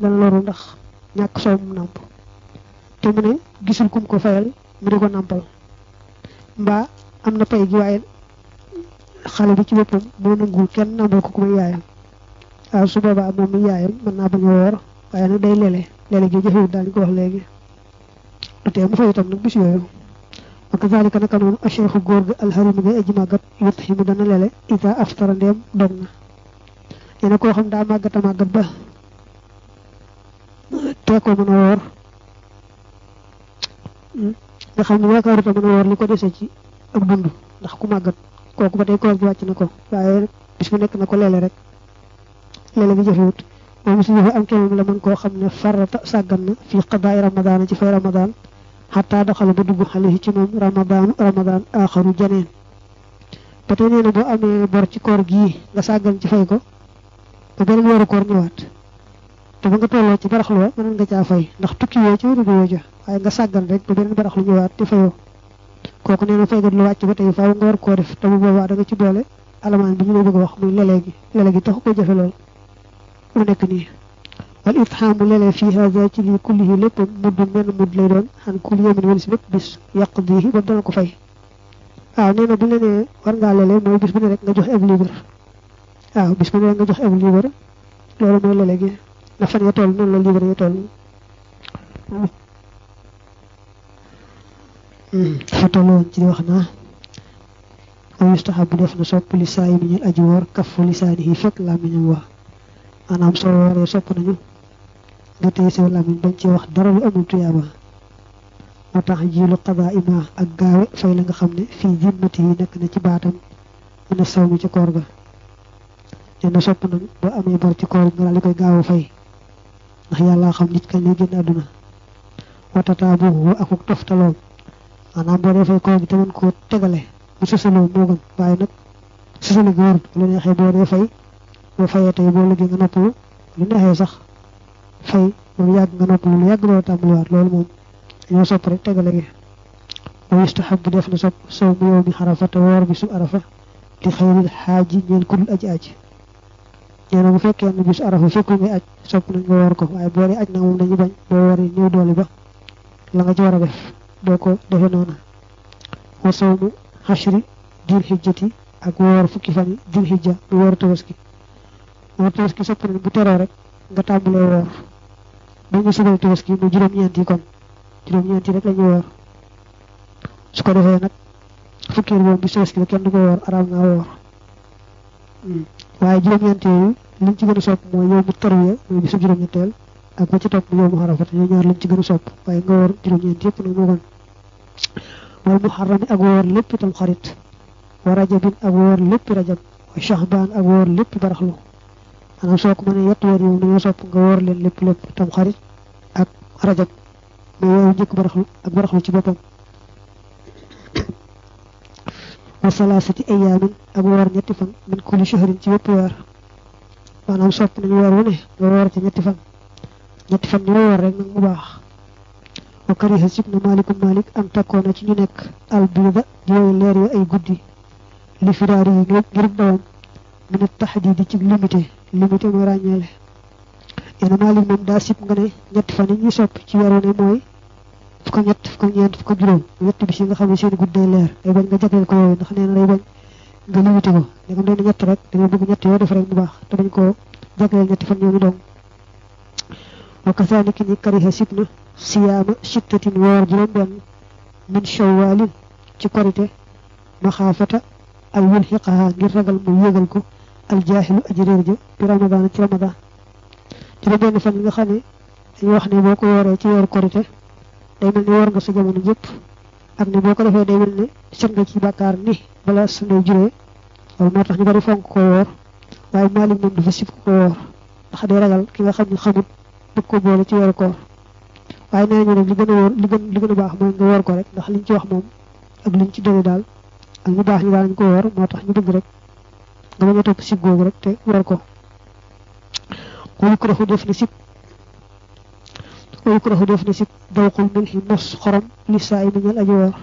dana loru ndax ñàkk soow mu nàmp te mu ne gisul kum ko fayal mu di ko nàmpal mbaa am na pay gi waaye xale bi ci boppam moo nanguwul kenn nàmpal ko ku may yaayam waaw su boobaa moom mi yaayam mën naa bañ woor waaye nag day lele lele gi jëfewut daañu ko wax léegi du tee mu fay itam nag bis yooyu wa kazalika naka noonu a cheikhu góor ga alxarimu ngay aji màggat yut yi dana lele ita aftara ndeem dog na yéena koo xam daa màggata màggat ba tee mën a woor nga xam ne yaakaarut a mën a woor li ko desee ci ak dund ndax ku màggat kooku ba tey koor gi wàcc na ko waaye bis bu nekk na ko leele rek leele bi jëfewut moom si jëfe am moom la mën koo xam ne farata sàggan na fii qadaay ramadaana ci fay ramadaan xataa daxalu ba dugg xale ci moom ramadaanu ramadaan aaxaru janeen ba tey nee na boo amee bor ci koor gii nga sàggan ci fay ko ba beneen weeru koor ñëwaat te ba nga tolloo ci baraxlu wa mënoon nga caa fay ndax tukki woo ci wërëbu woo ja waaye nga sàggan rek ba beneen baraxlu ñëwaat di fayoo kooku nee na faygat lu wàcc ba tey faaw te bu boobaa da nga ci boole alamaan bi ñu lay bëgg a gi lelee gi ko jafe lool mu nekk nii wal itxaamu lelee fii haza ci lii kullihi lépp mudd menn mudd lay doon si bépp bis yàq bii ko fay waaw nee na bu la nee war ngaa lelee mooy bis bu ne rek nga jox ab liibar waaw bis bu ne rek nga jox ab liibar loolu mooy lelee gi na fan ya toll noonu la liibar ya toll fa tolloon ci di wax naa aw yustahabu def na sopp li saa yi mi ñel aji woor kaffu lisaanihi fekk làmmiñam wax maanaam soo wooree sopp nañu nga tey sew làmmiñ bañ ci wax dara lu amul tuyaaba moo tax jiilu xabaa ima ak gaawe fay la nga xam ne fii jimmati yi nekk na ci baatam mën a saw mi ci koor ga nee na sopp nañu boo amee bor ci koor nga daal di koy gaaw a fay ndax yàlla xam nit kañ lay génn àdduna watataa boobu akuk toftaloom maanaam boo defee koor gi te mën koo tegale bu susaloo moo gën waaye nag susale gi warut lu neexee boo dee fay boo fayee tey boo liggéey nga noppalu lu neexee sax fay moom yàgg nga noppalu lu yàgg loo tàmbaliwaat loolu moom dañoo sopp rek tegale gi wa yustahab bu def na sopp sow mu yow mi xarafata woor bi su arafa li xëyril xaaji ñeen kudul aji aji nee na bu fekkee ne bis arafa fukk mi aj sopp nañ woor ko waaye boo dee aj nag moom dañu bañ boo wooree ñëw doole ba la nga ci def boo ko defee noonu wa sawmu xashri jul xijjati ak woor fukki fan yi jul xijja bu woor tabaski woor sopp nañ bu teroo rek nga tàmbalee woor ba ñu sugal tabaski mu juróom-ñeent yi kon juróom-ñeent yi rek la woor su ko defee nag fukki boobu bi tabaski la kenn ko woor araam naa woor hmm. waaye juróom-ñeenteel yooyu liñ ci gën a sopp mooy yow mu tarwiya mooy bisu juróom-ñeenteel ak ba ci topp yow mu arafat yooyu ñaar lañ ci gën a sopp waaye nga woor juróom-ñeent yëpp nag moo gën wal muharram ak woor lépp itam xarit wa rajabin ak woor lépp rajab wa shahbaan ak woor lépp baraxlu maanaam soo ko mënee yett weer yow dañoo sopp nga woor leen lépp lépp tam xarit ak rajab mais yow njëkk baraxlu ak baraxlu ci boppam wa salaasati ayaamin ak woor ñetti fan min kulli shahrin ci wépp weer maanaam sopp nañu woor wu ne nga woor ca ñetti fan ñetti fan ñu woor rek mu baax wa kariha sib na malikum malik am takkoona ci ñu nekk albida di yooyu leer yu ay guddi li firaari yi dawam min a taxdidi ci limité limité mooy ràññeele yéen a malik moom daa sib nga ñetti fan yi ñuy ci weer wu mooy fukk ak ñett fukk ak juróom ñett bis yi nga xam ne seen guddi day leer day bañ nga jagleel ko yooyu ndax nee na day bañ nga limité ko da nga doon ñett rek da nga bëgg ñett yooyu def rek te bañ koo jagleel ñetti fan ñooñu dong wa kasaalika ni kariha sib na siyaama sittatin woor juróom benn min shawaalin ci korite maxaafata al yulxiqaha ngir ragal mu yégal ko al jaaxilu aji réer bi ramadaan ci ramadaan juróom benn fan yi nga xam ne dañuy wax ne boo ko wooree ci weeru korite day mel ne woor nga sa jamono yëpp ak ne boo ko defee day mel ne set nga ci bàkkaar ni bala sunday juree loolu moo tax ñu bari fonk ko woor waaye Maalik moom dafa sib ko woor ndax day ragal ki nga xam ne xamut bëgg ko boole ci weeru koor waaye nee ñu nag li gën a wóor li gën li a baax mooy nga woor ko rek ndax liñ ci wax moom ak liñ ci doge daal ak ñu baax ñu daal ñu koo woor moo tax ñu bëgg rek nga bañ a topp sib googu rek te woor ko. kooku def na yukrahu def na si dawqul milhi mos xorom li yi ñeel aji woor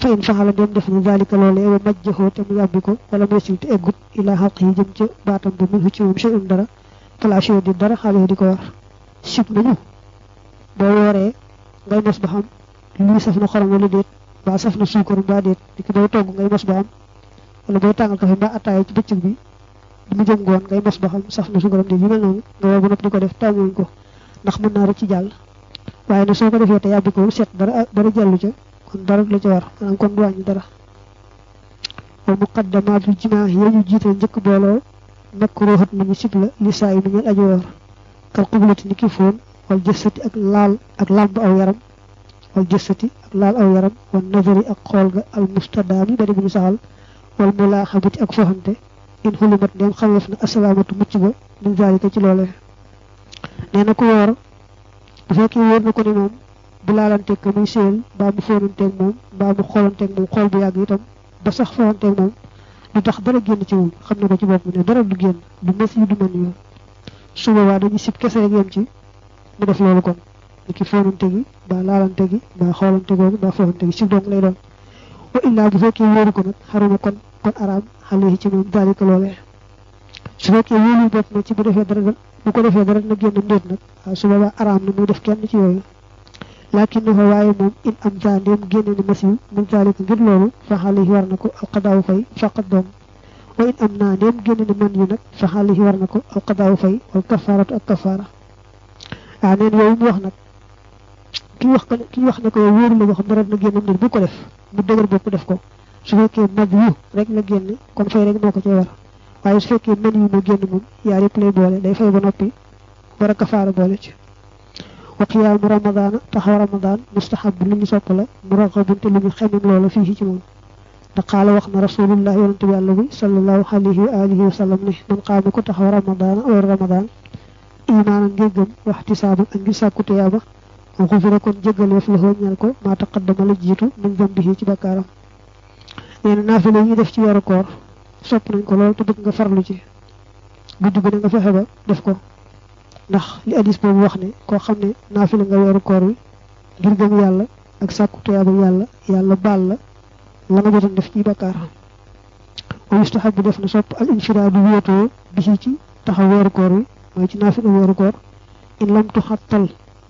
fa in faxala dem def na zalika loolee wa majjahoo te muy àbbi ko wala muy silte eggut ilaa xalq yi jëm ca baatam ba min ci moom shay'un dara falaasio di dara xale di ko war sib nañu boo wooree ngay mos ba xam lii saf na xorom wala déet mbaa saf na suukar mbaa déet di ki togg ngay mos ba xam wala booy tàngal kafe mbaa attaaya ci bëccëg bi mu jëm ngoon ngay mos ba xam saf na suukaram déet yi mel noonu nga war ba noppi di ko def tàmmuñ ko ndax mën naa rëcc jàll waaye na soo ko defee te yàbbi ko set dara dara jàllu ca kon dara la ca war maanaam kon bu wàññi dara wa muqaddamaatul jimaa yooyu jiital njëkk booloo makruhat nañu la li saa yi mu ngeen aji woor kal wal jësati ak laal ak làmb aw yaram wal jësati ak laal aw yaram wal nazari ak xool ga al mustadaami ba di bu ñu saxal wal mulaaxabati ak foxante in xulumat ndeem xaweef na asalaamatu mucc ba min zaalika ci loolee nee na woor bu fekkee wóor na ko ni moom bu laalanteeg ko muy séel mbaa mu fóonanteeg moom mbaa mu xoolanteeg moom xool bu yàgg itam ba sax fóonanteeg moom lu tax dara génn ci wul xam na ko ci boppam ne dara du génn du mës su boobaa dañuy sib kese rek yem ci mu def loolu kon ni ki fóonante gi mbaa laalante gi mbaa xoolante googu mbaa fóonante lay doon wa bu fekkee wóoru nag xaruma kon kon araam xale yi ci moom daalika loolee su fekkee wóolu bopp na ci bu defee dara bu ko defee dara rek génn ndéet nag waaw su boobaa araam na muy def kenn ci yooyu laakin ni fa waaye moom in am saa ndéem génne ni masiw mun saalik ngir loolu faxaali war na ko aw fay faqat doom wa in am naa ndéem génne ni man yu nag faxaali war na ko aw xadaawu fay wal kafaaratu ak kafaara waaw neen yooyu wax nag ki wax ko ki wax ne ko yow wóoru la boo xam ne rek na génn ndéet bu ko def mu dëgër bopp def ko su fekkee mag yu rek la génne kon fay rek moo ko cay war waaye su fekkee mën yu mu génn moom yaar yëpp lay boole day fay ba noppi war a kafaara boole ci wa ramadaana taxaw ramadaan mustahab lu ñu sopp la mu raxabun te lu ñu xemem loola fii moom te xaala wax na rasulullah yonente bi yàlla bi sallallahu alayhi wa alihi wa sallam ne man xaama ko taxaw ramadaana war ramadaan imaanan ngir gëm waxtisaaban ak ngir sàkku tuyaaba xufira kon jégaleef la xooñal ko maa taqaddama la jiitu min dambihi ci bakkaaram nee na naafile yi def sopp nañ ko lool te bëgg nga farlu ci guddi gu ne nga fexe ba def ko ndax li hadis boobu wax ne koo xam ne naafila nga weeru koor wi ngir gëm yàlla ak sàkku tuyaaba yàlla yàlla baal la la nga jotoon def ci bakkaar wa yustahab bu def na sopp al infiraadu wéetoo bisi ci taxaw weeru koor wi mooy ci naafila weeru koor in lam tuxattal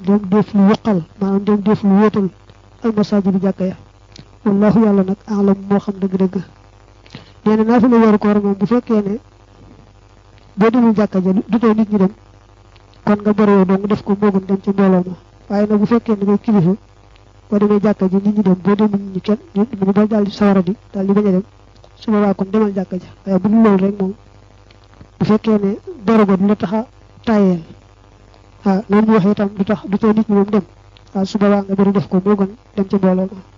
dem def lu yoqal maanaam dem def lu wéetal al bi jàkka ya wallahu yàlla nag alam moo xam dëgg-dëgg nee na naa fi lu weeru koor moom bu fekkee ne boo demul jàkka ja du too nit ñi dem kon nga borowoo dong def ko moo gën dem ci mbooloo ma waaye nag bu fekkee ne ngay kilifa boo demee jàkka ji nit ñi dem boo demul nit ñi kenn nit ñi daal di sawara di dem su boobaa kon demal jàkka ja bu dul loolu rek moom bu fekkee ne borogo du la tax a tayeel waaw ah, loolu ñu wax du tax du too nit ñi moom dem waaw ah, su boobaa nga bëri def ko moo gën dem ci mbooloo ma